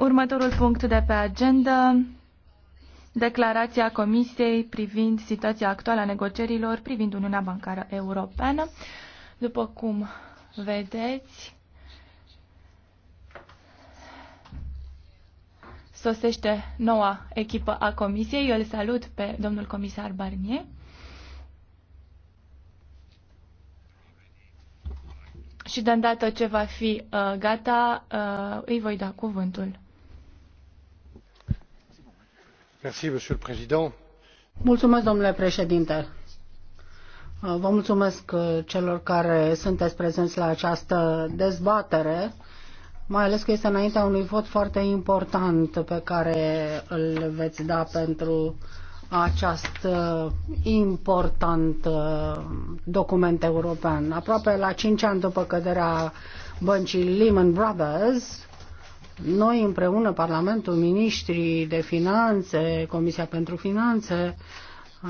Următorul punct de pe agenda, declarația Comisiei privind situația actuală a negocierilor privind Uniunea Bancară Europeană. După cum vedeți, sosește noua echipă a Comisiei. Eu îl salut pe domnul comisar Barnier. și de îndată ce va fi uh, gata, uh, îi voi da cuvântul. Mulțumesc, domnule președinte. Uh, vă mulțumesc uh, celor care sunteți prezenți la această dezbatere, mai ales că este înaintea unui vot foarte important pe care îl veți da pentru acest uh, important document european. Aproape la cinci ani după căderea băncii Lehman Brothers, noi împreună, Parlamentul, Ministrii de Finanțe, Comisia pentru Finanțe,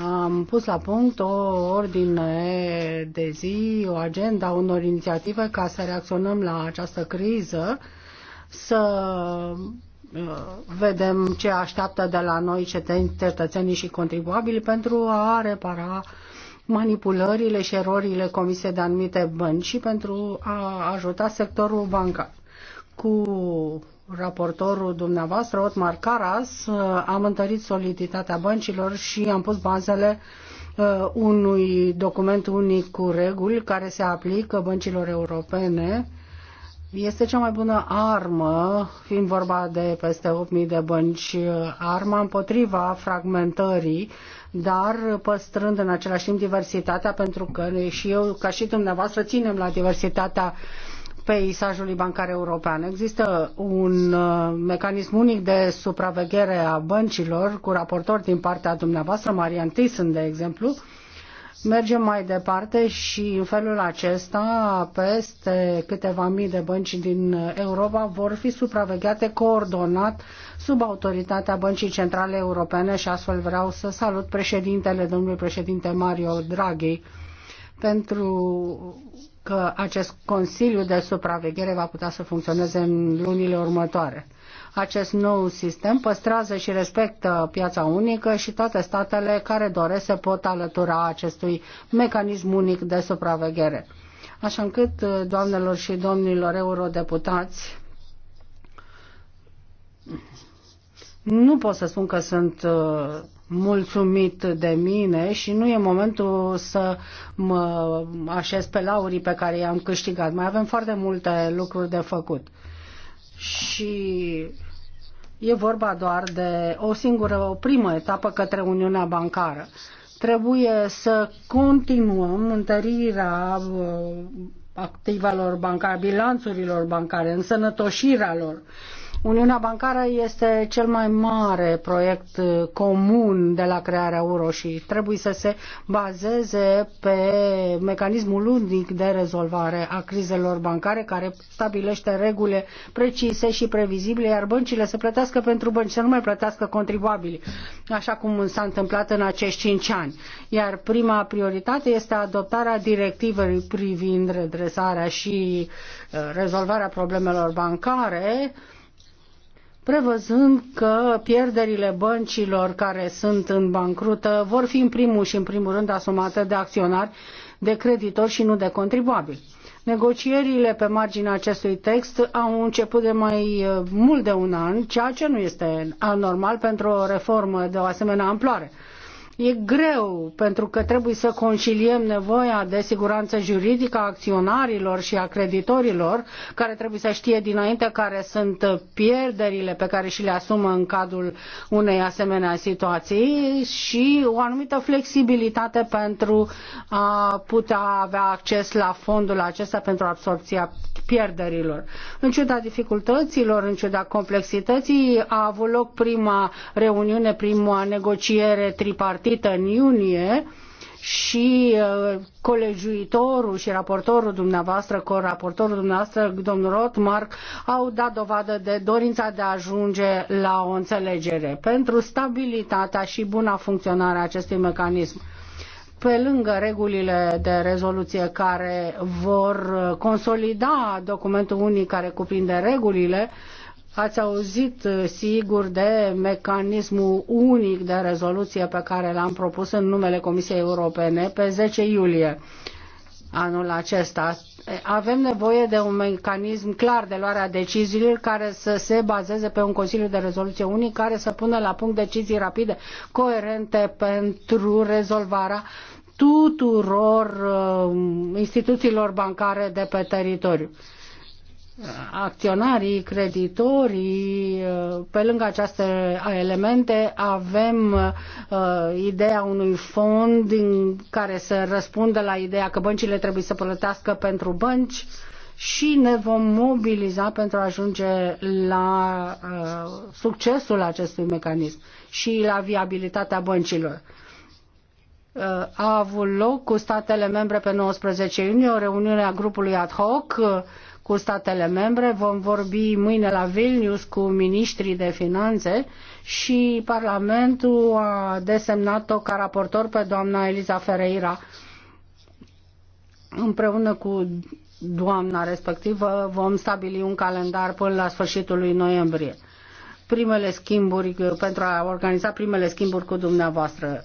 am pus la punct o ordine de zi, o agenda unor inițiative ca să reacționăm la această criză, să uh, vedem ce așteaptă de la noi cetățenii și contribuabili pentru a repara manipulările și erorile comise de anumite bănci și pentru a ajuta sectorul bancar cu raportorul dumneavoastră, Otmar Caras, uh, am întărit soliditatea băncilor și am pus bazele uh, unui document unic cu reguli care se aplică băncilor europene. Este cea mai bună armă, fiind vorba de peste 8.000 de bănci, uh, arma împotriva fragmentării, dar păstrând în același timp diversitatea, pentru că și eu, ca și dumneavoastră, ținem la diversitatea uh, peisajului bancar european. Există un uh, mecanism unic de supraveghere a băncilor cu raportori din partea dumneavoastră, Marian Thyssen, de exemplu. Mergem mai departe și în felul acesta peste câteva mii de bănci din Europa vor fi supravegheate coordonat sub autoritatea Băncii Centrale Europene și astfel vreau să salut președintele, domnul președinte Mario Draghi, pentru că acest Consiliu de Supraveghere va putea să funcționeze în lunile următoare. Acest nou sistem păstrează și respectă piața unică și toate statele care doresc se pot alătura acestui mecanism unic de supraveghere. Așa încât, doamnelor și domnilor eurodeputați, nu pot să spun că sunt uh, mulțumit de mine și nu e momentul să mă așez pe laurii pe care i-am câștigat. Mai avem foarte multe lucruri de făcut. Și e vorba doar de o singură, o primă etapă către Uniunea Bancară. Trebuie să continuăm întărirea uh, activelor bancare, bilanțurilor bancare, însănătoșirea lor Uniunea bancară este cel mai mare proiect uh, comun de la crearea euro și trebuie să se bazeze pe mecanismul unic de rezolvare a crizelor bancare care stabilește regulile precise și previzibile, iar băncile să plătească pentru bănci, să nu mai plătească contribuabili, așa cum s-a întâmplat în acești cinci ani. Iar prima prioritate este adoptarea directivei privind redresarea și uh, rezolvarea problemelor bancare, prevăzând că pierderile băncilor care sunt în bancrută vor fi în primul și în primul rând asumate de acționari, de creditori și nu de contribuabili. Negocierile pe marginea acestui text au început de mai uh, mult de un an, ceea ce nu este anormal pentru o reformă de o asemenea amploare. E greu pentru că trebuie să conciliem nevoia de siguranță juridică a acționarilor și a creditorilor care trebuie să știe dinainte care sunt pierderile pe care și le asumă în cadrul unei asemenea situații și o anumită flexibilitate pentru a putea avea acces la fondul acesta pentru absorpția pierderilor. În ciuda dificultăților, în ciuda complexității, a avut loc prima reuniune, prima negociere tripartită în iunie și uh, colegiuitorul și raportorul dumneavoastră, coraportorul dumneavoastră, domnul Rotmark, au dat dovadă de dorința de a ajunge la o înțelegere pentru stabilitatea și buna funcționare a acestui mecanism pe lângă regulile de rezoluție care vor consolida documentul unic care cuprinde regulile, ați auzit uh, sigur de mecanismul unic de rezoluție pe care l-am propus în numele Comisiei Europene pe 10 iulie anul acesta avem nevoie de un mecanism clar de luare a deciziilor care să se bazeze pe un Consiliu de Rezoluție unic care să pună la punct decizii rapide, coerente pentru rezolvarea tuturor uh, instituțiilor bancare de pe teritoriu acționarii, creditorii, pe lângă aceste elemente avem uh, ideea unui fond din care să răspundă la ideea că băncile trebuie să plătească pentru bănci și ne vom mobiliza pentru a ajunge la uh, succesul acestui mecanism și la viabilitatea băncilor uh, a avut loc cu statele membre pe 19 iunie o reuniune a grupului ad hoc uh, cu statele membre. Vom vorbi mâine la Vilnius cu ministrii de finanțe și Parlamentul a desemnat-o ca raportor pe doamna Eliza Ferreira. Împreună cu doamna respectivă vom stabili un calendar până la sfârșitul lui noiembrie primele schimburi, pentru a organiza primele schimburi cu dumneavoastră.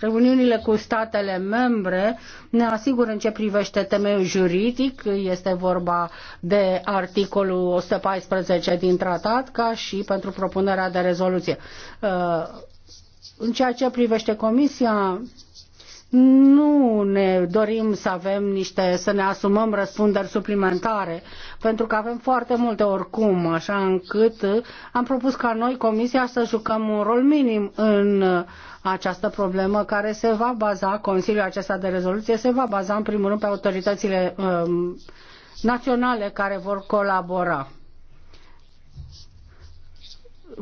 Reuniunile cu statele membre ne asigură în ce privește temeiul juridic, este vorba de articolul 114 din tratat, ca și pentru propunerea de rezoluție. În ceea ce privește Comisia, nu ne dorim să avem niște, să ne asumăm răspunderi suplimentare, pentru că avem foarte multe oricum, așa încât am propus ca noi, Comisia, să jucăm un rol minim în această problemă care se va baza, Consiliul acesta de rezoluție se va baza în primul rând pe autoritățile um, naționale care vor colabora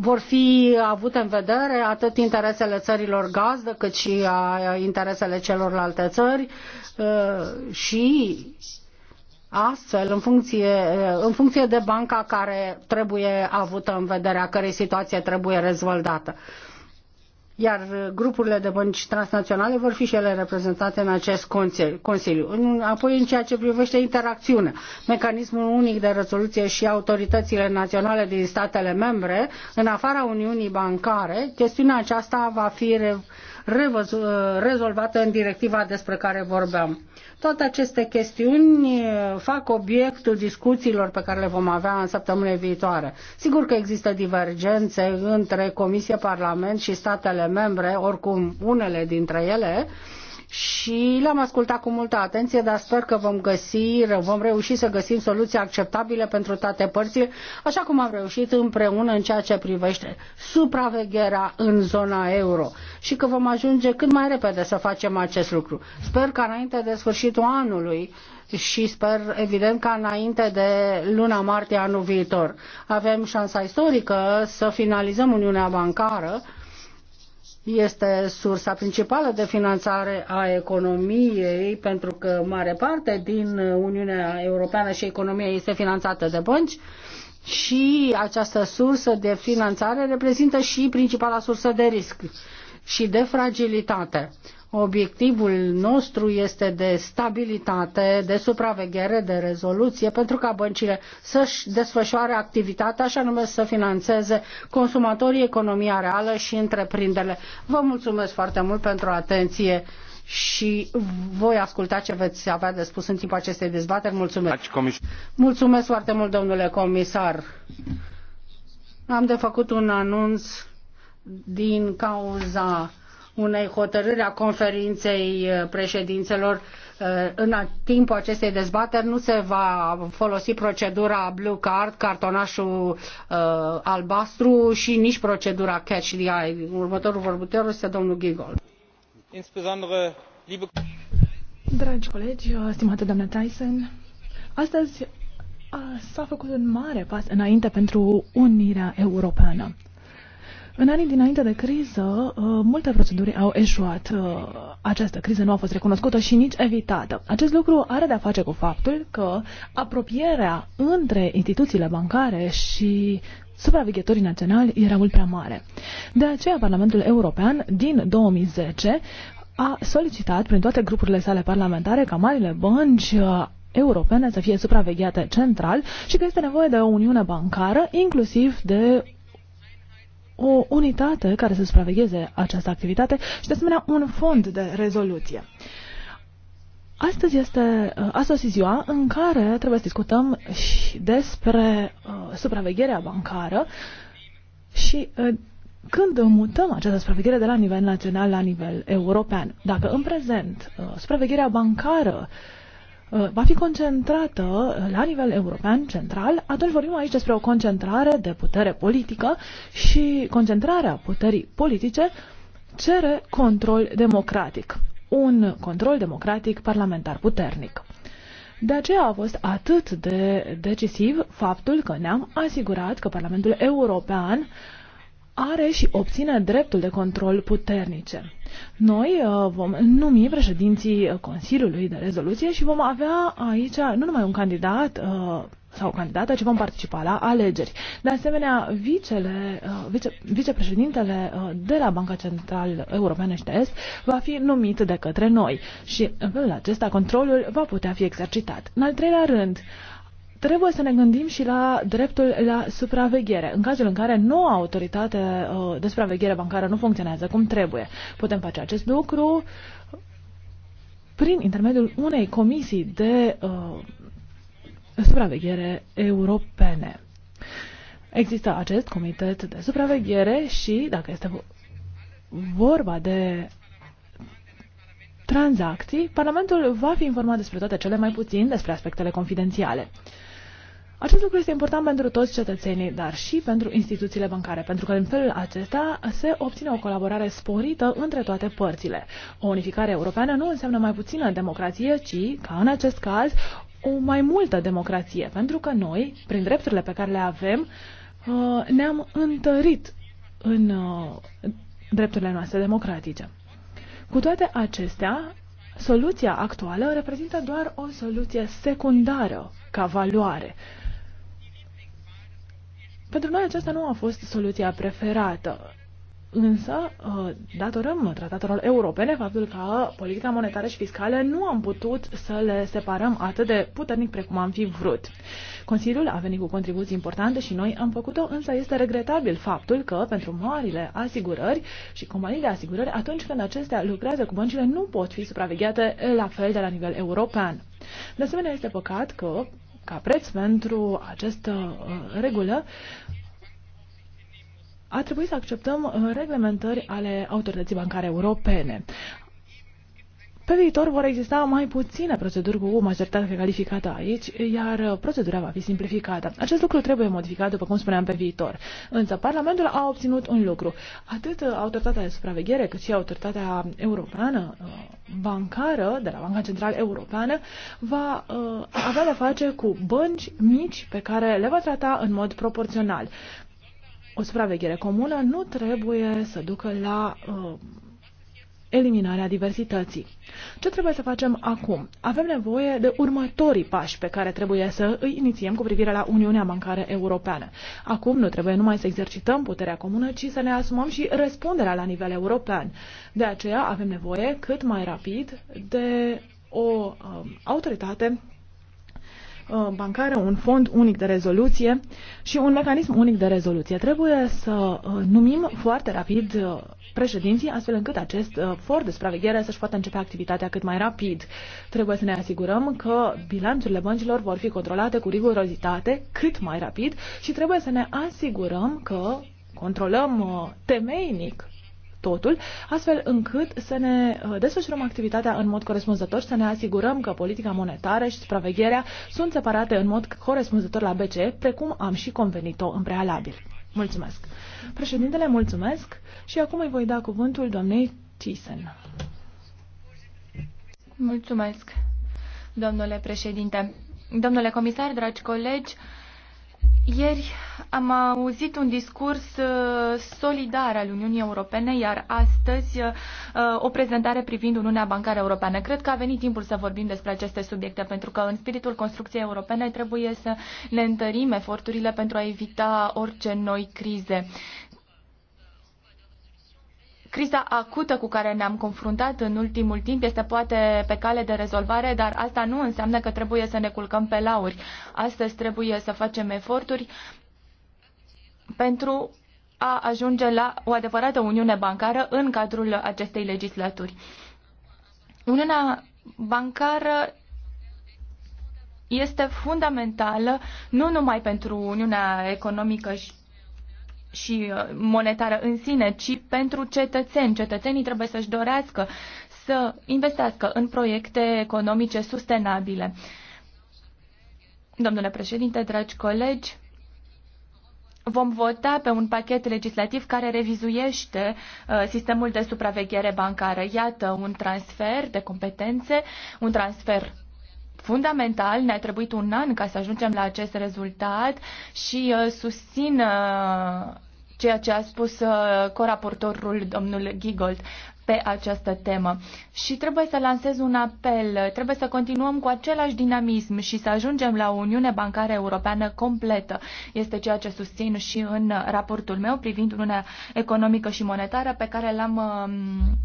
vor fi avute în vedere atât interesele țărilor gazdă cât și a interesele celorlalte țări uh, și astfel în funcție, uh, în funcție de banca care trebuie avută în vedere, a cărei situație trebuie rezolvată iar uh, grupurile de bănci transnaționale vor fi și ele reprezentate în acest Consiliu. Apoi, în ceea ce privește interacțiunea, mecanismul unic de rezoluție și autoritățile naționale din statele membre, în afara Uniunii Bancare, chestiunea aceasta va fi rezolvată în directiva despre care vorbeam. Toate aceste chestiuni fac obiectul discuțiilor pe care le vom avea în săptămâna viitoare. Sigur că există divergențe între Comisie, Parlament și statele membre, oricum unele dintre ele, uh, și l-am ascultat cu multă atenție, dar sper că vom găsi, vom reuși să găsim soluții acceptabile pentru toate părțile, așa cum am reușit împreună în ceea ce privește supravegherea în zona euro și că vom ajunge cât mai repede să facem acest lucru. Sper că înainte de sfârșitul anului și sper evident ca înainte de luna martie anul viitor. Avem șansa istorică să finalizăm Uniunea Bancară este sursa principală de finanțare a economiei, pentru că mare parte din Uniunea Europeană și economia este finanțată de bănci și această sursă de finanțare reprezintă și principala sursă de risc și de fragilitate. Obiectivul nostru este de stabilitate, de supraveghere, de rezoluție, pentru ca băncile să-și desfășoare activitatea, așa nume să financeze consumatorii, economia reală și întreprinderile. Vă mulțumesc foarte mult pentru atenție și voi asculta ce veți avea de spus în timpul acestei dezbateri. Mulțumesc. Mulțumesc foarte mult, domnule comisar. Am de făcut un anunț din cauza unei hotărâri a conferinței uh, președințelor uh, în timpul acestei dezbateri nu se va folosi procedura blue card, cartonașul uh, albastru și nici procedura catch the eye. Următorul vorbitor este domnul Gigol. Dragi colegi, stimată doamnă Tyson, astăzi s-a făcut un mare pas înainte pentru unirea europeană. În anii dinainte de criză, uh, multe proceduri au eșuat. Uh, această criză nu a fost recunoscută și nici evitată. Acest lucru are de-a face cu faptul că apropierea între instituțiile bancare și supraveghetorii naționali era mult prea mare. De aceea, Parlamentul European din 2010 a solicitat prin toate grupurile sale parlamentare ca marile bănci uh, europene să fie supravegheate central și că este nevoie de o uniune bancară, inclusiv de o unitate care să supravegheze această activitate și, de asemenea, un fond de rezoluție. Astăzi este, uh, astăzi ziua în care trebuie să discutăm și despre uh, supravegherea bancară și uh, când mutăm această supraveghere de la nivel național la nivel european. Dacă în prezent uh, supravegherea bancară uh, Uh, va fi concentrată uh, la nivel european central, atunci vorbim aici despre o concentrare de putere politică și concentrarea puterii politice cere control democratic, un control democratic parlamentar puternic. De aceea a fost atât de decisiv faptul că ne-am asigurat că Parlamentul European are și obține dreptul de control puternice. Noi uh, vom numi președinții Consiliului de Rezoluție și vom avea aici nu numai un candidat uh, sau candidată, ci vom participa la alegeri. De asemenea, vicele, uh, vice, vicepreședintele de la Banca Central Europeană și de Est va fi numit de către noi și în felul acesta controlul va putea fi exercitat. În al treilea rând, trebuie să ne gândim și la dreptul la supraveghere. În cazul în care noua autoritate uh, de supraveghere bancară nu funcționează cum trebuie, putem face acest lucru prin intermediul unei comisii de uh, supraveghere europene. Există acest comitet de supraveghere și, dacă este vorba de tranzacții, Parlamentul va fi informat despre toate cele mai puțin despre aspectele confidențiale. Acest lucru este important pentru toți cetățenii, dar și pentru instituțiile bancare, pentru că în felul acesta se obține o colaborare sporită între toate părțile. O unificare europeană nu înseamnă mai puțină democrație, ci, ca în acest caz, o mai multă democrație, pentru că noi, prin drepturile pe care le avem, uh, ne-am întărit în uh, drepturile noastre democratice. Cu toate acestea, soluția actuală reprezintă doar o soluție secundară ca valoare. Pentru noi aceasta nu a fost soluția preferată. Însă, ă, datorăm tratatelor europene faptul că politica monetară și fiscală nu am putut să le separăm atât de puternic precum am fi vrut. Consiliul a venit cu contribuții importante și noi am făcut-o, însă este regretabil faptul că pentru marile asigurări și companii de asigurări, atunci când acestea lucrează cu băncile, nu pot fi supravegheate la fel de la nivel european. De asemenea, este păcat că ca preț pentru această uh, regulă, a trebuit să acceptăm uh, reglementări ale autorității bancare europene. Pe viitor vor exista mai puține proceduri cu majoritate calificată aici, iar uh, procedura va fi simplificată. Acest lucru trebuie modificat, după cum spuneam, pe viitor. Însă Parlamentul a obținut un lucru. Atât uh, autoritatea de supraveghere, cât și autoritatea europeană uh, bancară, de la Banca Centrală Europeană, va avea de face cu bănci mici pe care le va trata în mod proporțional. O supraveghere comună nu trebuie să ducă la uh, eliminarea diversității. Ce trebuie să facem acum? Avem nevoie de următorii pași pe care trebuie să îi inițiem cu privire la Uniunea Bancară Europeană. Acum nu trebuie numai să exercităm puterea comună, ci să ne asumăm și răspunderea la nivel european. De aceea avem nevoie cât mai rapid de o um, autoritate Uh, bancară, un fond unic de rezoluție și un mecanism unic de rezoluție. Trebuie să uh, numim foarte rapid uh, președinții, astfel încât acest for de supraveghere să-și poată începe activitatea cât mai rapid. Trebuie să ne asigurăm că bilanțurile băncilor vor fi controlate cu rigurozitate cât mai rapid și trebuie să ne asigurăm că controlăm temeinic totul, astfel încât să ne uh, desfășurăm activitatea în mod corespunzător și să ne asigurăm că politica monetară și supravegherea sunt separate în mod corespunzător la BCE, precum am și convenit-o în prealabil. Mulțumesc. Președintele, mulțumesc și acum îi voi da cuvântul doamnei Thyssen. Mulțumesc, domnule președinte. Domnule comisar, dragi colegi, ieri am auzit un discurs uh, solidar al Uniunii Europene, iar astăzi uh, uh, o prezentare privind Uniunea Bancară Europeană. Cred că a venit timpul să vorbim despre aceste subiecte, pentru că în spiritul construcției europene trebuie să ne întărim eforturile pentru a evita orice noi crize. Criza acută cu care ne-am confruntat în ultimul timp este poate pe cale de rezolvare, dar asta nu înseamnă că trebuie să ne culcăm pe lauri. Astăzi trebuie să facem eforturi pentru a ajunge la o adevărată uniune bancară în cadrul acestei legislaturi. Uniunea bancară este fundamentală nu numai pentru Uniunea Economică și și uh, monetară în sine, ci pentru cetățeni. Cetățenii trebuie să-și dorească să investească în proiecte economice sustenabile. Domnule președinte, dragi colegi, vom vota pe un pachet legislativ care revizuiește uh, sistemul de supraveghere bancară. Iată un transfer de competențe, un transfer fundamental. Ne-a trebuit un an ca să ajungem la acest rezultat și uh, susțin uh, ceea ce a spus uh, coraportorul domnul Gigold pe această temă. Și trebuie să lansez un apel, trebuie să continuăm cu același dinamism și să ajungem la o Uniune Bancară Europeană completă. Este ceea ce susțin și în raportul meu privind Uniunea Economică și Monetară pe care l-am um,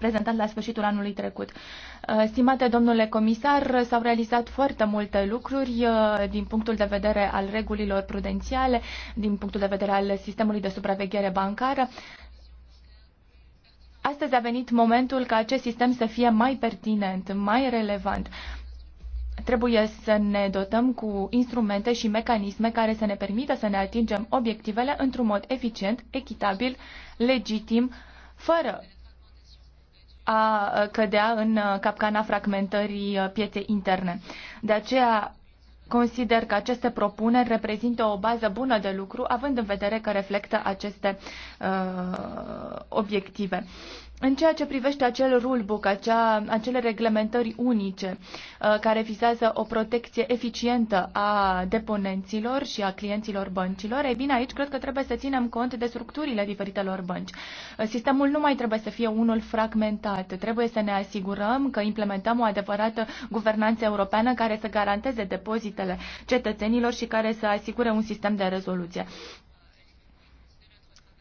prezentat la sfârșitul anului trecut. Uh, stimate domnule comisar, s-au realizat foarte multe lucruri uh, din punctul de vedere al regulilor prudențiale, din punctul de vedere al sistemului de supraveghere bancară. Astăzi a venit momentul ca acest sistem să fie mai pertinent, mai relevant trebuie să ne dotăm cu instrumente și mecanisme care să ne permită să ne atingem obiectivele într-un mod eficient, echitabil, legitim, fără a cădea în capcana fragmentării pieței interne. De aceea consider că aceste propuneri reprezintă o bază bună de lucru, având în vedere că reflectă aceste uh, obiective. Uh, în ceea ce privește acel rulebook, acea, acele reglementări unice uh, care vizează o protecție eficientă a deponenților și a clienților băncilor, ei bine, aici cred că trebuie să ținem cont de structurile diferitelor bănci. Uh, sistemul nu mai trebuie să fie unul fragmentat. Trebuie să ne asigurăm că implementăm o adevărată guvernanță europeană care să garanteze depozitele cetățenilor și care să asigure un sistem de rezoluție.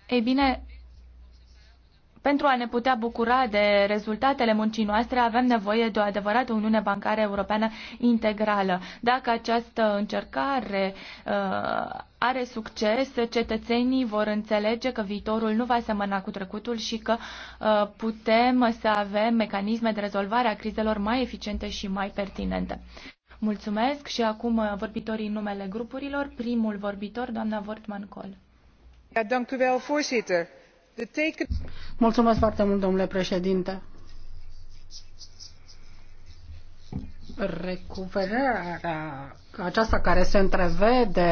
Ei bine, pentru a ne putea bucura de rezultatele muncii noastre, avem nevoie de o adevărată Uniune Bancară Europeană integrală. Dacă această încercare uh, are succes, cetățenii vor înțelege că viitorul nu va semăna cu trecutul și că uh, putem să avem mecanisme de rezolvare a crizelor mai eficiente și mai pertinente. Mulțumesc și acum uh, vorbitorii în numele grupurilor. Primul vorbitor, doamna wortman col Ja, Mulțumesc foarte mult, domnule președinte. Recuperarea aceasta care se întrevede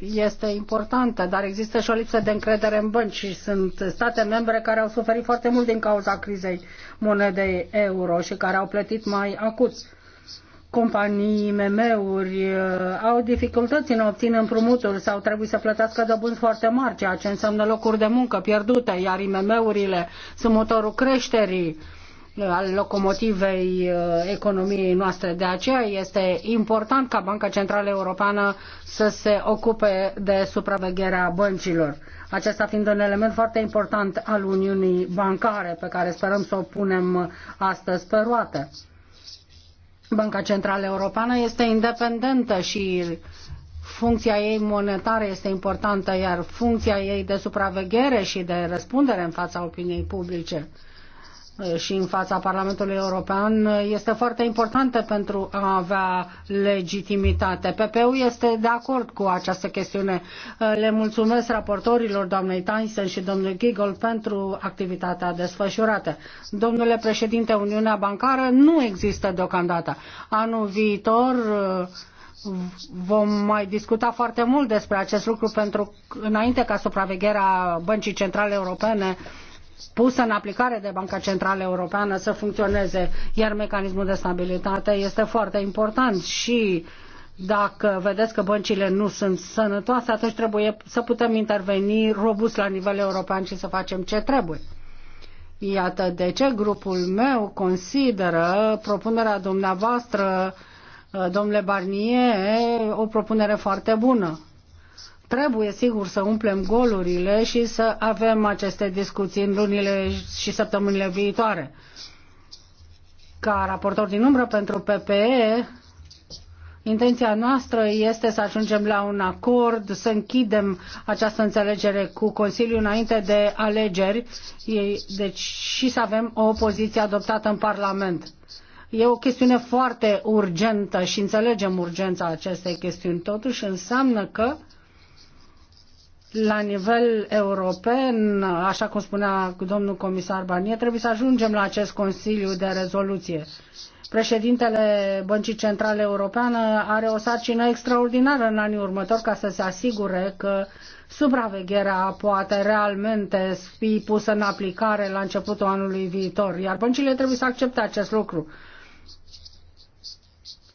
este importantă, dar există și o lipsă de încredere în bănci și sunt state membre care au suferit foarte mult din cauza crizei monedei euro și care au plătit mai acut companii, IMM-uri uh, au dificultăți în a obține împrumuturi sau trebuie să plătească dobânzi foarte mari, ceea ce înseamnă locuri de muncă pierdute, iar IMM-urile sunt motorul creșterii uh, al locomotivei uh, economiei noastre. De aceea este important ca Banca Centrală Europeană să se ocupe de supravegherea băncilor. Acesta fiind un element foarte important al Uniunii Bancare pe care sperăm să o punem astăzi pe roată. Banca Centrală Europeană este independentă și funcția ei monetară este importantă, iar funcția ei de supraveghere și de răspundere în fața opiniei publice și în fața Parlamentului European este foarte importantă pentru a avea legitimitate. PPU este de acord cu această chestiune. Le mulțumesc raportorilor, doamnei Tyson și domnului Gigol, pentru activitatea desfășurată. Domnule președinte, Uniunea Bancară nu există deocamdată. Anul viitor vom mai discuta foarte mult despre acest lucru pentru înainte ca supravegherea Băncii Centrale Europene uh, pusă în aplicare de Banca Centrală Europeană să funcționeze, iar mecanismul de stabilitate este foarte important și dacă vedeți că băncile nu sunt sănătoase, atunci trebuie să putem interveni robust la nivel european și să facem ce trebuie. Iată de ce grupul meu consideră propunerea dumneavoastră, domnule Barnier, o propunere foarte bună. Trebuie, sigur, să umplem golurile și să avem aceste discuții în lunile și săptămânile viitoare. Ca raportor din umbră pentru PPE, intenția noastră este să ajungem la un acord, să închidem această înțelegere cu Consiliul înainte de alegeri, deci și să avem o poziție adoptată în Parlament. E o chestiune foarte urgentă și înțelegem urgența acestei chestiuni. Totuși înseamnă că la nivel european, așa cum spunea domnul comisar Barnier, trebuie să ajungem la acest Consiliu de rezoluție. Președintele Băncii Centrale Europeană are o sarcină extraordinară în anii următori ca să se asigure că supravegherea poate realmente fi pusă în aplicare la începutul anului viitor, iar băncile trebuie să accepte acest lucru.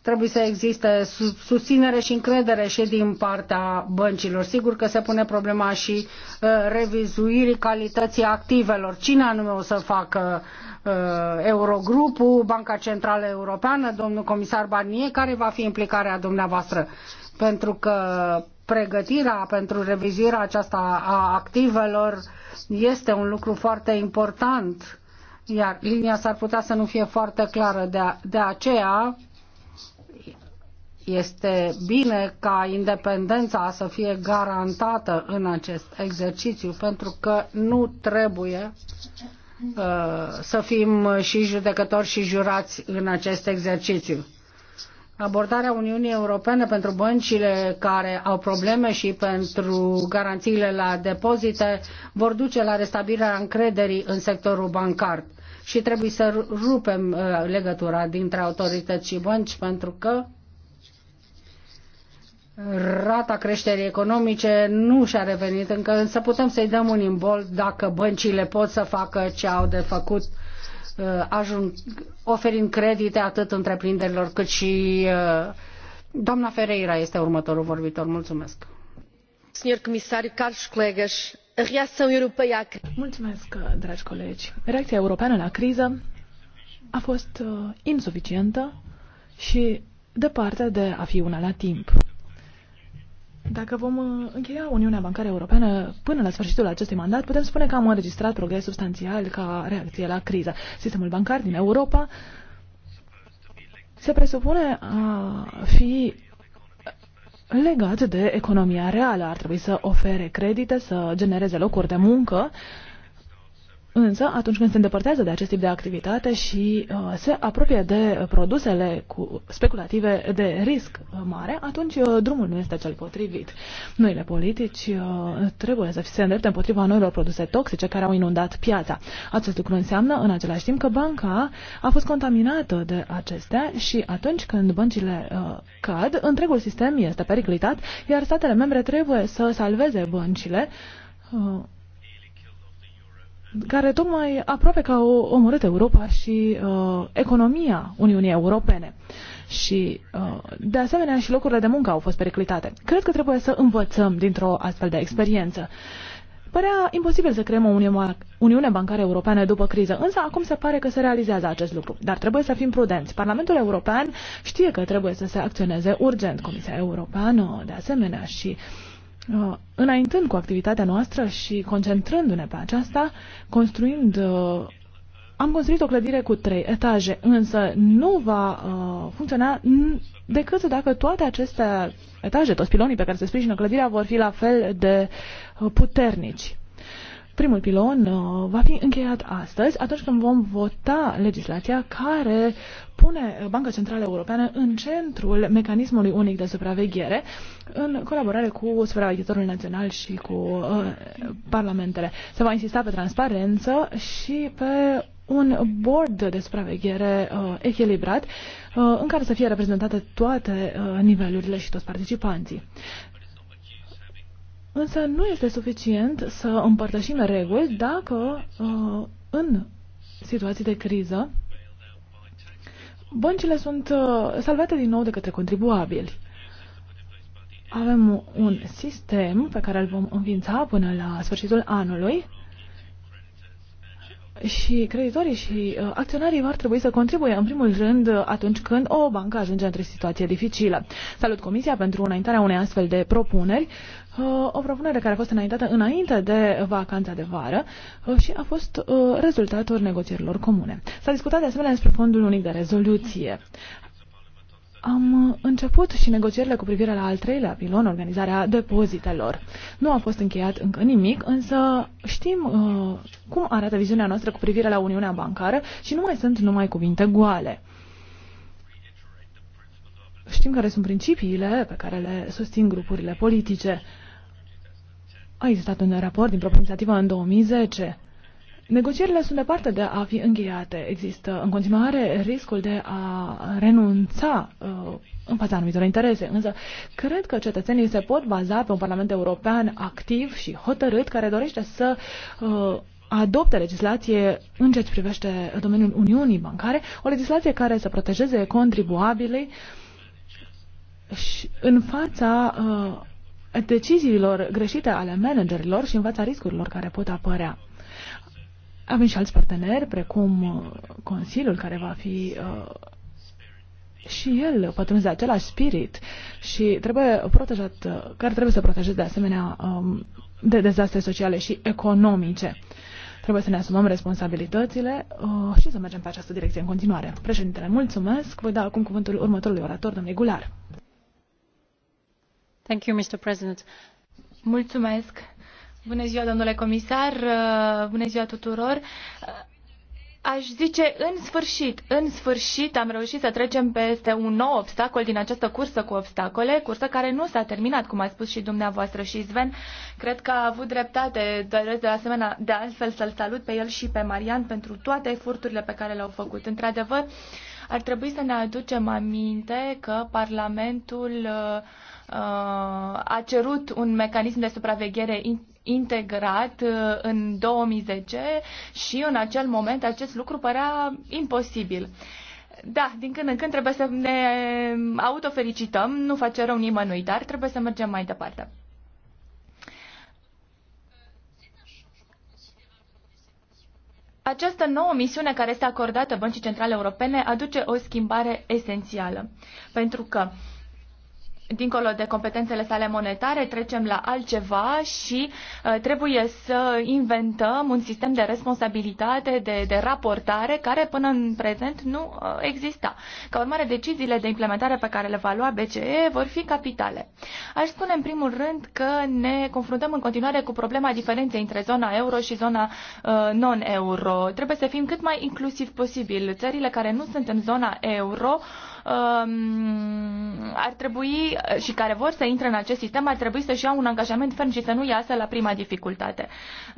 Trebuie să existe susținere și încredere și din partea băncilor. Sigur că se pune problema și uh, revizuirii calității activelor. Cine anume o să facă uh, Eurogrupul, Banca Centrală Europeană, domnul comisar Barnier, care va fi implicarea dumneavoastră? Pentru că pregătirea pentru revizuirea aceasta a activelor este un lucru foarte important, iar linia s-ar putea să nu fie foarte clară. De, a, de aceea este bine ca independența să fie garantată în acest exercițiu, pentru că nu trebuie uh, să fim și judecători și jurați în acest exercițiu. Abordarea Uniunii Europene pentru băncile care au probleme și pentru garanțiile la depozite vor duce la restabilirea încrederii în sectorul bancar și trebuie să rupem uh, legătura dintre autorități și bănci pentru că rata creșterii economice nu și-a revenit încă, însă putem să-i dăm un imbol dacă băncile pot să facă ce au de făcut uh, ajung, oferind credite atât întreprinderilor cât și uh, doamna Ferreira este următorul vorbitor. Mulțumesc. Senhor Comissário, caros colegas, reacția europeană Mulțumesc, dragi colegi. Reacția europeană la criză a fost uh, insuficientă și departe de a fi una la timp. Dacă vom uh, încheia Uniunea Bancară Europeană până la sfârșitul acestui mandat, putem spune că am înregistrat progres substanțial ca reacție la criză. Sistemul bancar din Europa se presupune a fi legat de economia reală. Ar trebui să ofere credite, să genereze locuri de muncă Însă, atunci când se îndepărtează de acest tip de activitate și uh, se apropie de produsele cu speculative de risc uh, mare, atunci uh, drumul nu este cel potrivit. Noile politici uh, trebuie să se îndrepte împotriva noilor produse toxice care au inundat piața. Acest lucru înseamnă, în același timp, că banca a fost contaminată de acestea și atunci când băncile uh, cad, întregul sistem este periclitat, iar statele membre trebuie să salveze băncile uh, care tocmai aproape că au omorât Europa și uh, economia Uniunii Europene. Și, uh, de asemenea, și locurile de muncă au fost periclitate. Cred că trebuie să învățăm dintr-o astfel de experiență. Părea imposibil să creăm o Uniune Bancară Europeană după criză, însă acum se pare că se realizează acest lucru. Dar trebuie să fim prudenți. Parlamentul European știe că trebuie să se acționeze urgent. Comisia Europeană, de asemenea, și uh, Uh, înaintând cu activitatea noastră și concentrându-ne pe aceasta, construind, uh, am construit o clădire cu trei etaje, însă nu va uh, funcționa decât dacă toate aceste etaje, toți pilonii pe care se sprijină clădirea, vor fi la fel de puternici. Primul pilon uh, va fi încheiat astăzi, atunci când vom vota legislația care pune Banca Centrală Europeană în centrul mecanismului unic de supraveghere, în colaborare cu supraveghetorul național și cu uh, parlamentele. Se va insista pe transparență și pe un board de supraveghere uh, echilibrat uh, în care să fie reprezentate toate uh, nivelurile și toți participanții. Însă nu este suficient să împărtășim reguli dacă uh, în situații de criză băncile sunt uh, salvate din nou de către contribuabili. Avem un sistem pe care îl vom înființa până la sfârșitul anului și creditorii și uh, acționarii ar trebui să contribuie în primul rând uh, atunci când o bancă ajunge într-o situație dificilă. Salut Comisia pentru înaintarea unei astfel de propuneri, uh, o propunere care a fost înaintată înainte de vacanța de vară uh, și a fost uh, rezultatul negocierilor comune. S-a discutat de asemenea despre Fondul Unic de Rezoluție. Am uh, început și negocierile cu privire la al treilea pilon, organizarea depozitelor. Nu a fost încheiat încă nimic, însă știm uh, cum arată viziunea noastră cu privire la Uniunea Bancară și nu mai sunt numai cuvinte goale. Știm care sunt principiile pe care le susțin grupurile politice. A existat un raport din proprie inițiativă în 2010 Negocierile sunt departe de a fi încheiate. Există în continuare riscul de a renunța uh, în fața anumitor interese, însă cred că cetățenii se pot baza pe un Parlament European activ și hotărât care dorește să uh, adopte legislație în ce privește domeniul Uniunii Bancare, o legislație care să protejeze contribuabilii și în fața uh, deciziilor greșite ale managerilor și în fața riscurilor care pot apărea. Avem și alți parteneri, precum uh, Consiliul, care va fi uh, și el pătrunzi de același spirit și trebuie protejat, uh, care trebuie să protejeze de asemenea um, de dezastre sociale și economice. Trebuie să ne asumăm responsabilitățile uh, și să mergem pe această direcție în continuare. Președintele, mulțumesc. Voi da acum cuvântul următorului orator, domnul Gular. Thank you, Mr. President. Mulțumesc. Bună ziua, domnule comisar, uh, bună ziua tuturor. Uh, aș zice, în sfârșit, în sfârșit am reușit să trecem peste un nou obstacol din această cursă cu obstacole, cursă care nu s-a terminat, cum a spus și dumneavoastră și Sven. Cred că a avut dreptate, doresc de asemenea, de altfel să-l salut pe el și pe Marian pentru toate eforturile pe care le-au făcut. Într-adevăr, ar trebui să ne aducem aminte că Parlamentul uh, a cerut un mecanism de supraveghere integrat uh, în 2010 și în acel moment acest lucru părea imposibil. Da, din când în când trebuie să ne autofelicităm, nu face rău nimănui, dar trebuie să mergem mai departe. Această nouă misiune care este acordată Băncii Centrale Europene aduce o schimbare esențială, pentru că uh, dincolo de competențele sale monetare, trecem la altceva și uh, trebuie să inventăm un sistem de responsabilitate, de, de raportare, care până în prezent nu uh, exista. Ca urmare, deciziile de implementare pe care le va lua BCE vor fi capitale. Aș spune în primul rând că ne confruntăm în continuare cu problema diferenței între zona euro și zona uh, non-euro. Trebuie să fim cât mai inclusiv posibil. Țările care nu sunt în zona euro uh, Um, ar trebui și care vor să intre în acest sistem ar trebui să-și iau un angajament ferm și să nu iasă la prima dificultate.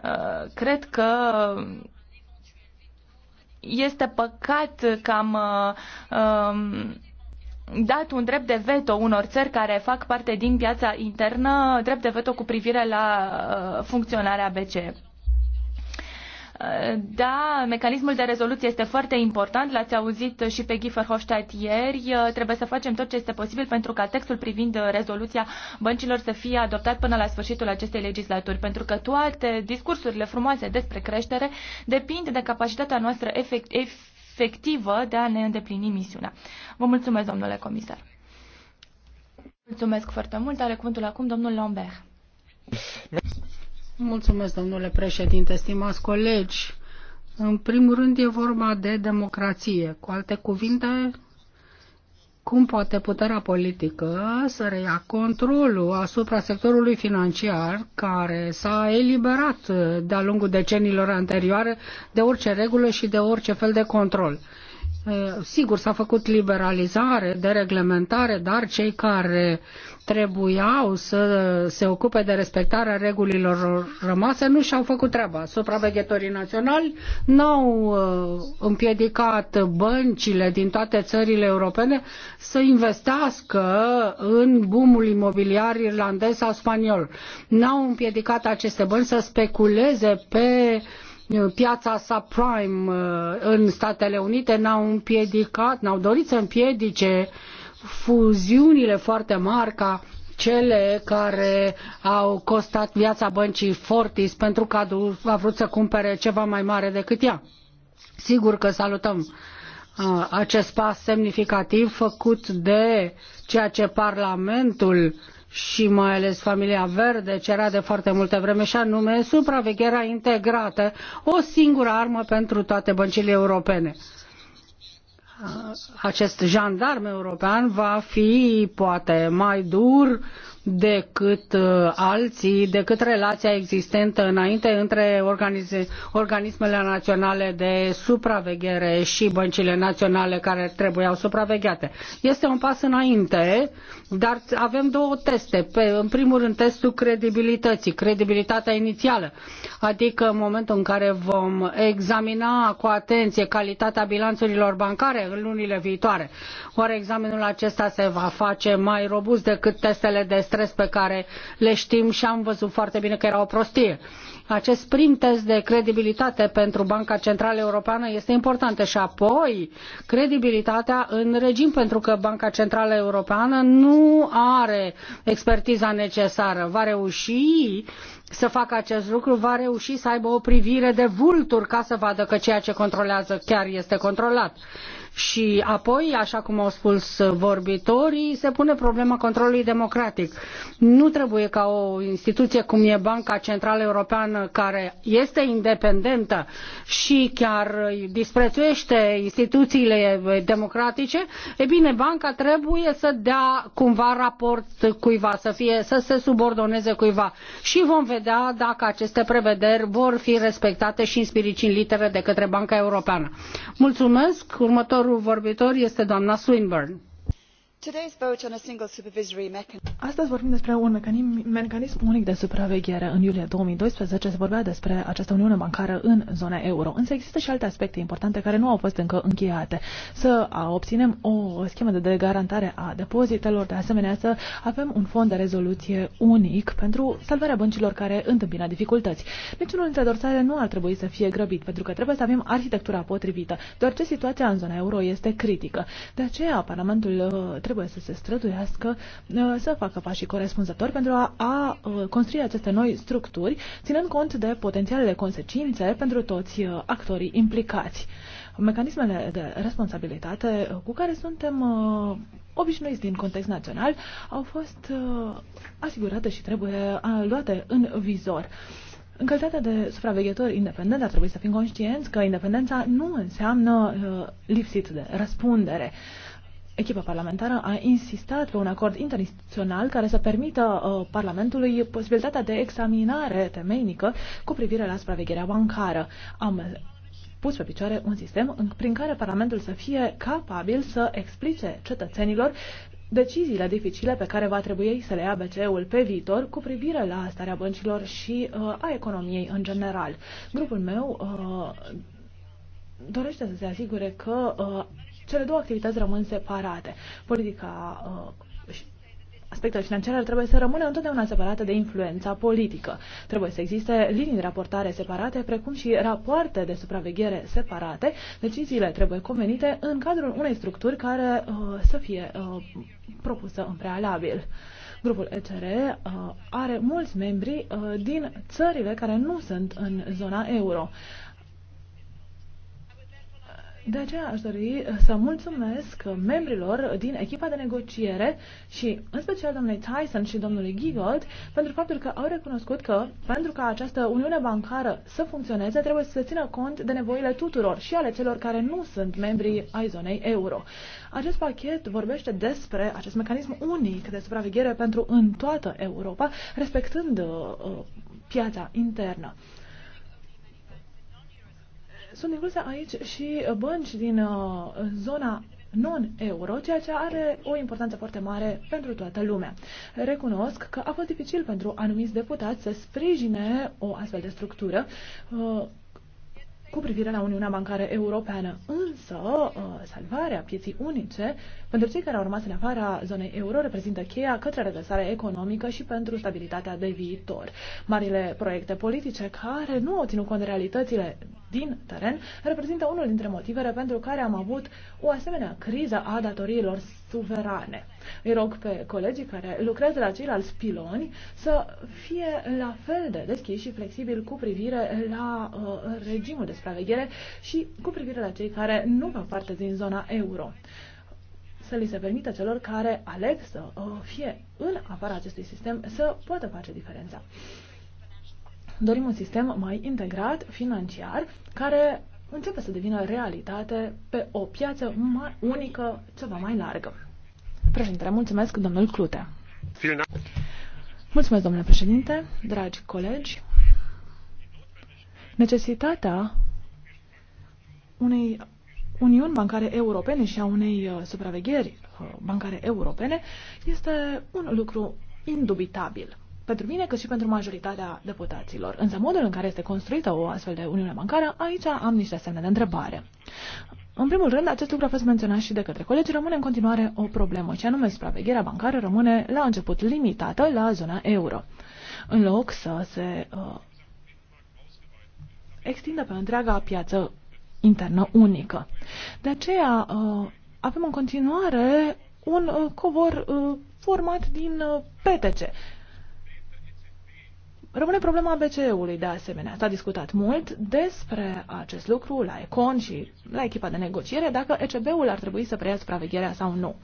Uh, cred că este păcat că am um, dat un drept de veto unor țări care fac parte din piața internă, drept de veto cu privire la uh, funcționarea BCE. Da, mecanismul de rezoluție este foarte important, l-ați auzit și pe Guy Verhofstadt ieri. Trebuie să facem tot ce este posibil pentru ca textul privind rezoluția băncilor să fie adoptat până la sfârșitul acestei legislaturi, pentru că toate discursurile frumoase despre creștere depind de capacitatea noastră efect efectivă de a ne îndeplini misiunea. Vă mulțumesc, domnule comisar. Mulțumesc foarte mult. Are cuvântul acum domnul Lambert. Mulțumesc, domnule președinte, stimați colegi. În primul rând e vorba de democrație. Cu alte cuvinte, cum poate puterea politică să reia controlul asupra sectorului financiar care s-a eliberat de-a lungul decenilor anterioare de orice regulă și de orice fel de control. Eh, sigur, s-a făcut liberalizare, dereglementare, dar cei care trebuiau să se ocupe de respectarea regulilor rămase nu și-au făcut treaba. Supraveghetorii naționali n-au eh, împiedicat băncile din toate țările europene să investească în boomul imobiliar irlandez sau spaniol. N-au împiedicat aceste bănci să speculeze pe uh, piața subprime uh, în Statele Unite n-au împiedicat, n-au dorit să împiedice fuziunile foarte mari ca cele care au costat viața băncii Fortis pentru că a vrut să cumpere ceva mai mare decât ea. Sigur că salutăm uh, acest pas semnificativ făcut de ceea ce Parlamentul și mai ales familia verde cerea de foarte multă vreme și anume supravegherea integrată, o singură armă pentru toate băncile europene. Acest jandarm european va fi poate mai dur, decât uh, alții, decât relația existentă înainte între organismele naționale de supraveghere și băncile naționale care trebuiau supravegheate. Este un pas înainte, dar avem două teste. Pe, în primul rând, testul credibilității, credibilitatea inițială, adică în momentul în care vom examina cu atenție calitatea bilanțurilor bancare în lunile viitoare. Oare examenul acesta se va face mai robust decât testele de stres pe care le știm și am văzut foarte bine că era o prostie. Acest prim test de credibilitate pentru Banca Centrală Europeană este important și apoi credibilitatea în regim pentru că Banca Centrală Europeană nu are expertiza necesară. Va reuși să facă acest lucru, va reuși să aibă o privire de vulturi ca să vadă că ceea ce controlează chiar este controlat și apoi, așa cum au spus vorbitorii, se pune problema controlului democratic. Nu trebuie ca o instituție cum e Banca Centrală Europeană, care este independentă și chiar disprețuiește instituțiile democratice, e bine, banca trebuie să dea cumva raport cuiva, să, fie, să se subordoneze cuiva. Și vom vedea dacă aceste prevederi vor fi respectate și în spirit și în litere de către Banca Europeană. Mulțumesc. Următorul Următorul vorbitor este doamna Swinburne. Astăzi vorbim despre un mecanism, mecanism unic de supraveghere. În iulie 2012 se vorbea despre această uniune bancară în zona euro, însă există și alte aspecte importante care nu au fost încă încheiate. Să obținem o schemă de garantare a depozitelor, de asemenea să avem un fond de rezoluție unic pentru salvarea băncilor care întâmpină dificultăți. Niciunul dintre dorsare nu ar trebui să fie grăbit, pentru că trebuie să avem arhitectura potrivită, deoarece situația în zona euro este critică. De aceea, Parlamentul uh, trebuie trebuie să se străduiască uh, să facă pașii corespunzători pentru a, a uh, construi aceste noi structuri, ținând cont de potențialele consecințe pentru toți uh, actorii implicați. Mecanismele de responsabilitate cu care suntem obișnuiți din context național au fost asigurate și trebuie luate în vizor. În calitate de supraveghetori independenți, ar trebui să fim conștienți că independența nu înseamnă uh, lipsit de răspundere. Uh, Echipa parlamentară a insistat pe un acord interinstituțional care să permită uh, Parlamentului posibilitatea de examinare temeinică cu privire la supravegherea bancară. Am pus pe picioare un sistem în, prin care Parlamentul să fie capabil să explice cetățenilor deciziile dificile pe care va trebui să le ia BCE-ul pe viitor cu privire la starea băncilor și uh, a economiei în general. Grupul meu uh, dorește să se asigure că uh, cele două activități rămân separate. Politica uh, aspectele financiare trebuie să rămână întotdeauna separate de influența politică. Trebuie să existe linii de raportare separate, precum și rapoarte de supraveghere separate. Deciziile trebuie convenite în cadrul unei structuri care uh, să fie uh, propusă în prealabil. Grupul ECR uh, are mulți membri uh, din țările care nu sunt în zona euro. Uh, de aceea aș dori uh, să mulțumesc uh, membrilor din echipa de negociere și în special domnului Tyson și domnului Giggold pentru faptul că au recunoscut că pentru ca această uniune bancară să funcționeze trebuie să se țină cont de nevoile tuturor și ale celor care nu sunt membri ai zonei euro. Acest pachet vorbește despre acest mecanism unic de supraveghere pentru în toată Europa, respectând uh, uh piața internă. Sunt incluse aici și uh, bănci din uh, zona non-euro, ceea ce are o importanță foarte mare pentru toată lumea. Recunosc că a fost dificil pentru anumiți deputați să sprijine o astfel de structură uh, cu privire la Uniunea Bancară Europeană. Însă, salvarea pieții unice pentru cei care au rămas în afara zonei euro reprezintă cheia către regăsarea economică și pentru stabilitatea de viitor. Marile proiecte politice care nu au ținut cont de realitățile din teren reprezintă unul dintre motivele pentru care am avut o asemenea criză a datoriilor suverane. Îi rog pe colegii care lucrează la ceilalți piloni să fie la fel de deschiși și flexibili cu privire la uh, regimul de supraveghere și cu privire la cei care nu fac parte din zona euro să li se permită celor care aleg să uh, fie în afara acestui sistem să poată face diferența. Dorim un sistem mai integrat, financiar, care începe să devină realitate pe o piață mai unică, ceva mai largă. Președinte, mulțumesc, domnul Clute. Mulțumesc, domnule președinte, dragi colegi. Necesitatea unei uniuni bancare europene și a unei uh, supravegheri uh, bancare europene este un lucru indubitabil pentru mine, cât și pentru majoritatea deputaților. Însă modul în care este construită o astfel de uniune bancară, aici am niște semne de întrebare. În primul rând, acest lucru a fost menționat și de către colegi, rămâne în continuare o problemă, și anume supravegherea bancară rămâne la început limitată la zona euro. În loc să se uh, extindă pe întreaga piață internă unică. De aceea uh, avem în continuare un uh, covor uh, format din uh, petece. Rămâne problema BCE-ului, de asemenea. S-a discutat mult despre acest lucru la Econ și la echipa de negociere, dacă ECB-ul ar trebui să preia supravegherea sau nu.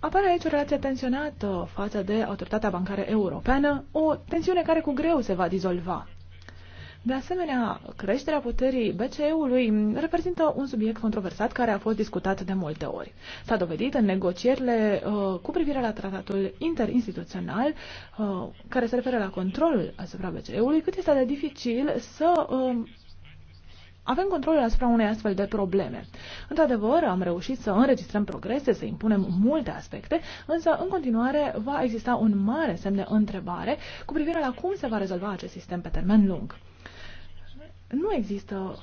Apare aici o relație tensionată față de Autoritatea Bancară Europeană, o tensiune care cu greu se va dizolva. De asemenea, creșterea puterii BCE-ului reprezintă un subiect controversat care a fost discutat de multe ori. S-a dovedit în negocierile uh, cu privire la tratatul interinstituțional uh, care se referă la controlul asupra BCE-ului cât este de dificil să uh, avem controlul asupra unei astfel de probleme. Într-adevăr, am reușit să înregistrăm progrese, să impunem multe aspecte, însă în continuare va exista un mare semn de întrebare cu privire la cum se va rezolva acest sistem pe termen lung nu există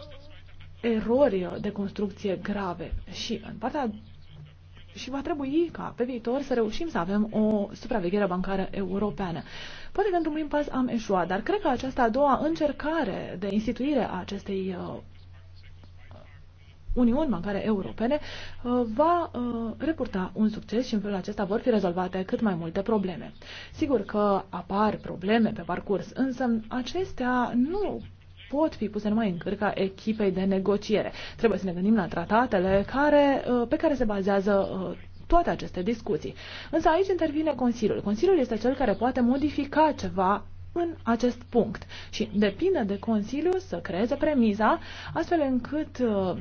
erori de construcție grave și în partea și va trebui ca pe viitor să reușim să avem o supraveghere bancară europeană. Poate că într-un prim pas am eșuat, dar cred că această a doua încercare de instituire a acestei uh, Uniuni Bancare Europene uh, va uh, repurta un succes și în felul acesta vor fi rezolvate cât mai multe probleme. Sigur că apar probleme pe parcurs, însă acestea nu pot fi puse numai în cârca echipei de negociere. Trebuie să ne gândim la tratatele care, uh, pe care se bazează uh, toate aceste discuții. Însă aici intervine Consiliul. Consiliul este cel care poate modifica ceva în acest punct și depinde de Consiliu să creeze premiza astfel încât uh,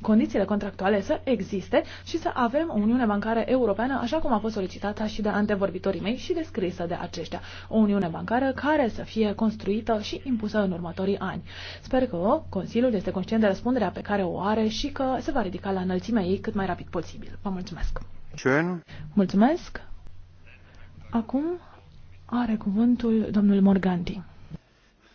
condițiile contractuale să existe și să avem o Uniune Bancară Europeană, așa cum a fost solicitată și de antevorbitorii mei și descrisă de aceștia. O Uniune Bancară care să fie construită și impusă în următorii ani. Sper că Consiliul este conștient de răspunderea pe care o are și că se va ridica la înălțimea ei cât mai rapid posibil. Vă mulțumesc! Schön. Mulțumesc! Acum are cuvântul domnul Morganti.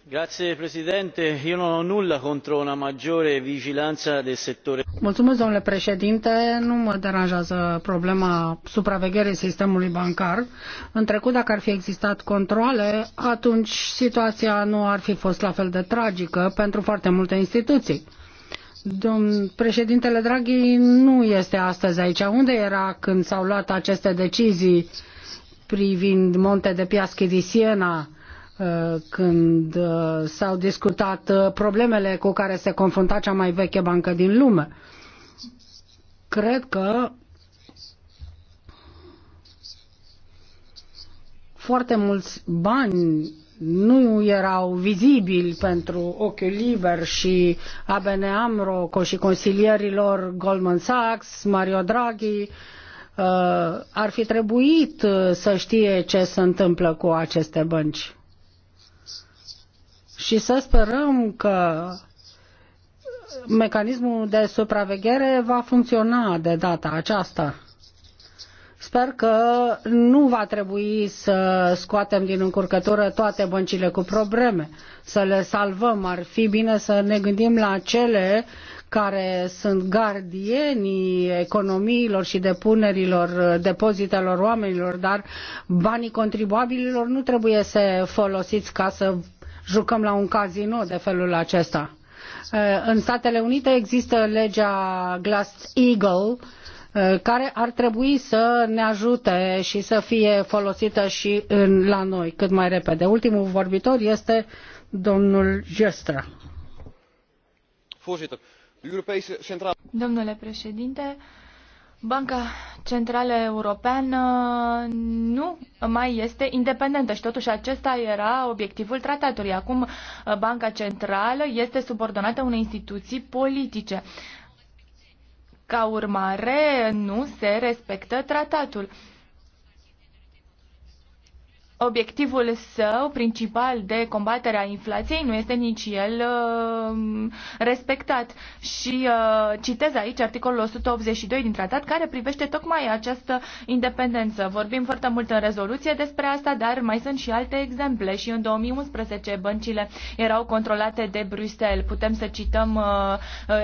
Grazie, Presidente. Eu nu am nulla contro una maggiore vigilanza del settore. Mulțumesc, domnule președinte. Nu mă deranjează problema supravegherii sistemului bancar. În trecut, dacă ar fi existat controle, atunci situația nu ar fi fost la fel de tragică pentru foarte multe instituții. Domn președintele Draghi nu este astăzi aici. Unde era când s-au luat aceste decizii privind Monte de Piaschi di Siena? Uh, când uh, s-au discutat uh, problemele cu care se confrunta cea mai veche bancă din lume. Cred că foarte mulți bani nu erau vizibili pentru ochiul liber și ABN AMRO și consilierilor Goldman Sachs, Mario Draghi, ar fi trebuit să știe ce se întâmplă cu aceste bănci și să sperăm că mecanismul de supraveghere va funcționa de data aceasta. Sper că nu va trebui să scoatem din încurcătură toate băncile cu probleme, să le salvăm. Ar fi bine să ne gândim la cele care sunt gardienii economiilor și depunerilor depozitelor oamenilor, dar banii contribuabililor nu trebuie să folosiți ca să jucăm la un casino de felul acesta. Eh, în Statele Unite există legea glass Eagle, eh, care ar trebui să ne ajute și să fie folosită și în, la noi cât mai repede. Ultimul vorbitor este domnul Gestra. Domnule președinte, Banca Centrală Europeană nu mai este independentă și totuși acesta era obiectivul tratatului. Acum uh, Banca Centrală este subordonată unei instituții politice. Ca urmare, nu se respectă tratatul obiectivul său principal de combatere a inflației nu este nici el uh, respectat. Și uh, citez aici articolul 182 din tratat care privește tocmai această independență. Vorbim foarte mult în rezoluție despre asta, dar mai sunt și alte exemple. Și în 2011 băncile erau controlate de Bruxelles. Putem să cităm uh,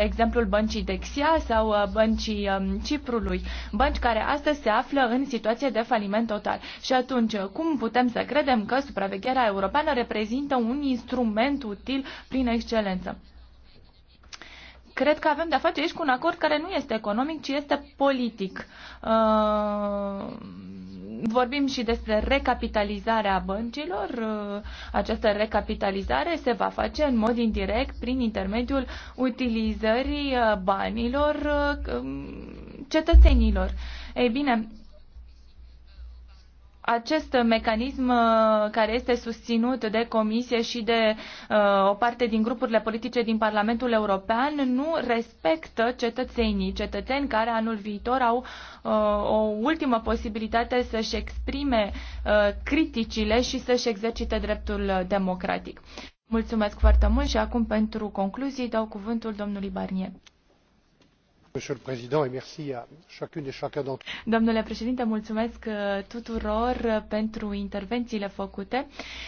exemplul băncii Dexia sau băncii um, Ciprului, bănci care astăzi se află în situație de faliment total. Și atunci, cum putem putem să credem că supravegherea europeană reprezintă un instrument util prin excelență. Cred că avem de-a face aici cu un acord care nu este economic, ci este politic. Uh vorbim și despre recapitalizarea băncilor. Uh, această recapitalizare se va face în mod indirect prin intermediul utilizării uh, banilor uh, um, cetățenilor. Ei bine, acest mecanism uh, care este susținut de Comisie și de uh, o parte din grupurile politice din Parlamentul European nu respectă cetățenii, cetățeni care anul viitor au uh, o ultimă posibilitate să-și exprime uh, criticile și să-și exercite dreptul democratic. Mulțumesc foarte mult și acum pentru concluzii dau cuvântul domnului Barnier. Domnule președinte, mulțumesc uh, tuturor uh, pentru intervențiile făcute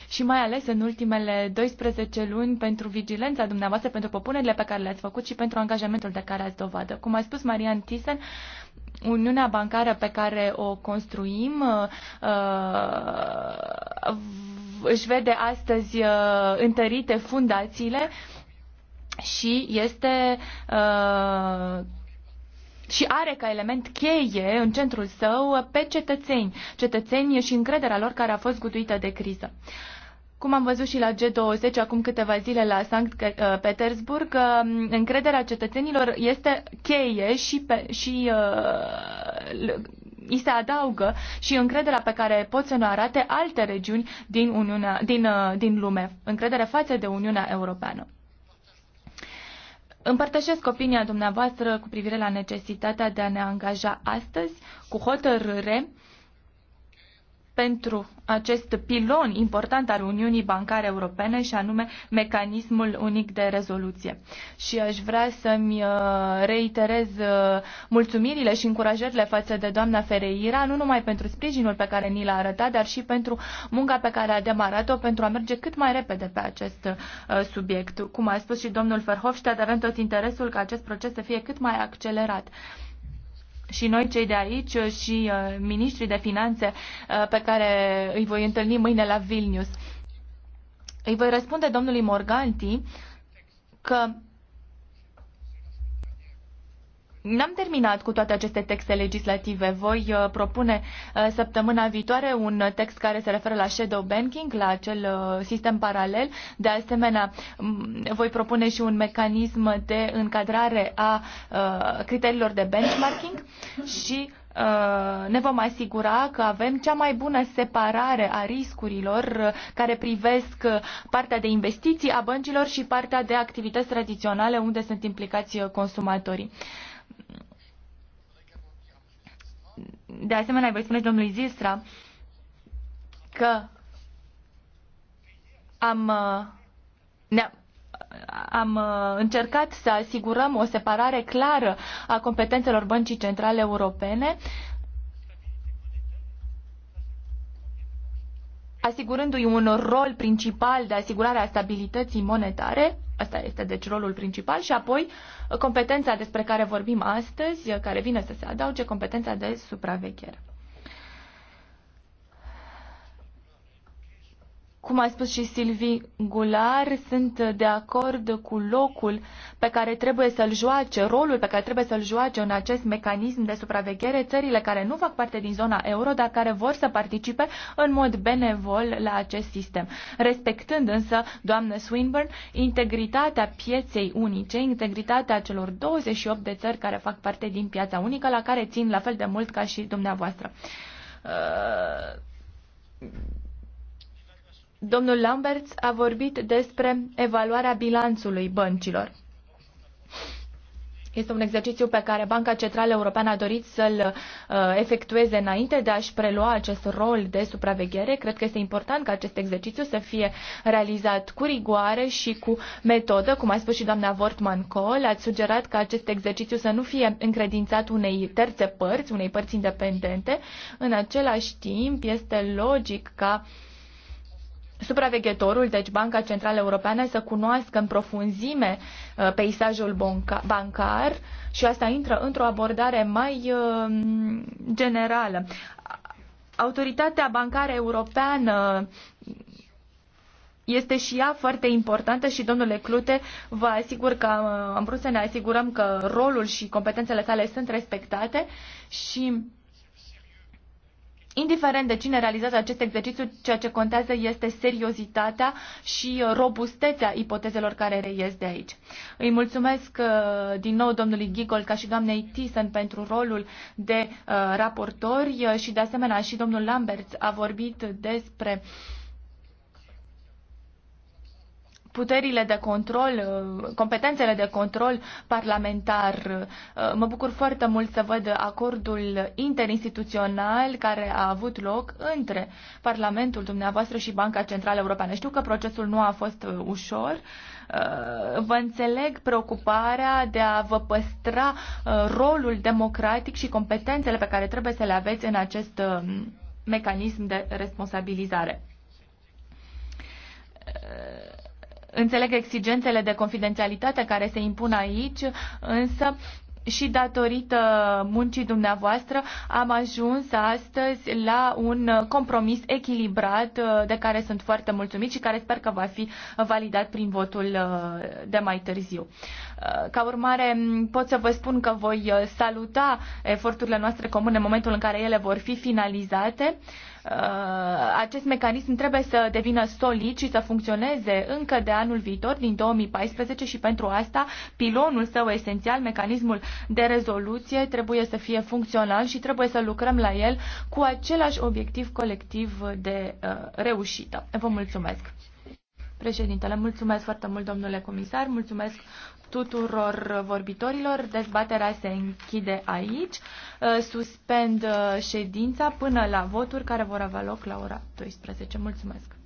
și mai ales în ultimele 12 luni pentru vigilența dumneavoastră, pentru propunerile pe care le-ați făcut și pentru angajamentul de care ați dovadă. Cum a spus Marian Thyssen, Uniunea bancară pe care o construim uh, își vede astăzi întărite fundațiile și este uh, și are ca element cheie în centrul său pe cetățeni, cetățeni și încrederea lor care a fost guduită de criză. Cum am văzut și la G20 acum câteva zile la Sankt ă, Petersburg, ă, încrederea cetățenilor este cheie și, pe, și uh, ă, îi se adaugă și încrederea pe care pot să ne arate alte regiuni din, Uniunea, din, din lume, încredere față de Uniunea Europeană. Împărtășesc opinia dumneavoastră cu privire la necesitatea de a ne angaja astăzi cu hotărâre pentru acest pilon important al Uniunii Bancare Europene și anume mecanismul unic de rezoluție. Și aș vrea să-mi uh, reiterez uh, mulțumirile și încurajările față de doamna Fereira, nu numai pentru sprijinul pe care ni l-a arătat, dar și pentru munca pe care a demarat-o pentru a merge cât mai repede pe acest uh, subiect. Cum a spus și domnul Ferhofstadt, avem tot interesul ca acest proces să fie cât mai accelerat și noi cei de aici și uh, ministrii de finanțe uh, pe care îi voi întâlni mâine la Vilnius. Îi voi răspunde domnului Morganti că N-am terminat cu toate aceste texte legislative. Voi uh, propune uh, săptămâna viitoare un text care se referă la shadow banking, la acel uh, sistem paralel. De asemenea, voi propune și un mecanism de încadrare a criteriilor de benchmarking și ne vom asigura că avem cea mai bună separare a riscurilor care privesc partea de investiții a băncilor și partea de activități tradiționale unde sunt implicați consumatorii de asemenea, voi spune domnului Zistra că am, uh, ne am uh, încercat să asigurăm o separare clară a competențelor Băncii Centrale Europene, asigurându-i un rol principal de asigurare a stabilității monetare Asta este deci rolul principal și apoi competența despre care vorbim astăzi, care vine să se adauge, competența de supraveghere. Cum a spus și Silvi Gular, sunt de acord cu locul pe care trebuie să-l joace, rolul pe care trebuie să-l joace în acest mecanism de supraveghere țările care nu fac parte din zona euro, dar care vor să participe în mod benevol la acest sistem. Respectând însă, doamnă Swinburne, integritatea pieței unice, integritatea celor 28 de țări care fac parte din piața unică, la care țin la fel de mult ca și dumneavoastră. Uh Domnul Lamberts a vorbit despre evaluarea bilanțului băncilor. Este un exercițiu pe care Banca Centrală Europeană a dorit să-l uh, efectueze înainte de a-și prelua acest rol de supraveghere. Cred că este important ca acest exercițiu să fie realizat cu rigoare și cu metodă, cum a spus și doamna Wortman Cole. Ați sugerat ca acest exercițiu să nu fie încredințat unei terțe părți, unei părți independente. În același timp, este logic ca uh, supraveghetorul, deci Banca Centrală Europeană, să cunoască în profunzime uh, peisajul bancar și asta intră într-o abordare mai um, generală. Autoritatea bancară europeană este și ea foarte importantă și, domnule Clute, vă asigur că uh, am vrut să ne asigurăm că rolul și competențele sale sunt respectate și Indiferent de cine realizează acest exercițiu, ceea ce contează este seriozitatea și uh, robustețea ipotezelor care reies de aici. Îi mulțumesc uh, din nou domnului Gigol ca și doamnei Thyssen pentru rolul de uh, raportori și de asemenea și domnul Lambert a vorbit despre uh, puterile de control, uh, competențele de control parlamentar. Uh, mă bucur foarte mult să văd acordul interinstituțional care a avut loc între Parlamentul dumneavoastră și Banca Centrală Europeană. Știu că procesul nu a fost uh, ușor. Vă înțeleg preocuparea de a vă păstra rolul democratic și competențele pe care trebuie să le aveți în acest mecanism de responsabilizare Înțeleg exigențele de confidențialitate care se impun aici, însă și datorită muncii dumneavoastră am ajuns astăzi la un compromis echilibrat uh, de care sunt foarte mulțumit și care sper că va fi validat prin votul uh, de mai târziu. Uh, ca urmare, pot să vă spun că voi saluta eforturile noastre comune în momentul în care ele vor fi finalizate. Uh, acest mecanism trebuie să devină solid și să funcționeze încă de anul viitor, din 2014, și pentru asta pilonul său esențial, mecanismul de rezoluție, trebuie să fie funcțional și trebuie să lucrăm la el cu același obiectiv colectiv de uh, reușită. Vă mulțumesc! Președintele, mulțumesc foarte mult, domnule comisar, mulțumesc tuturor vorbitorilor. Dezbaterea se închide aici. Uh, suspend uh, ședința până la voturi care vor avea loc la ora 12. Mulțumesc!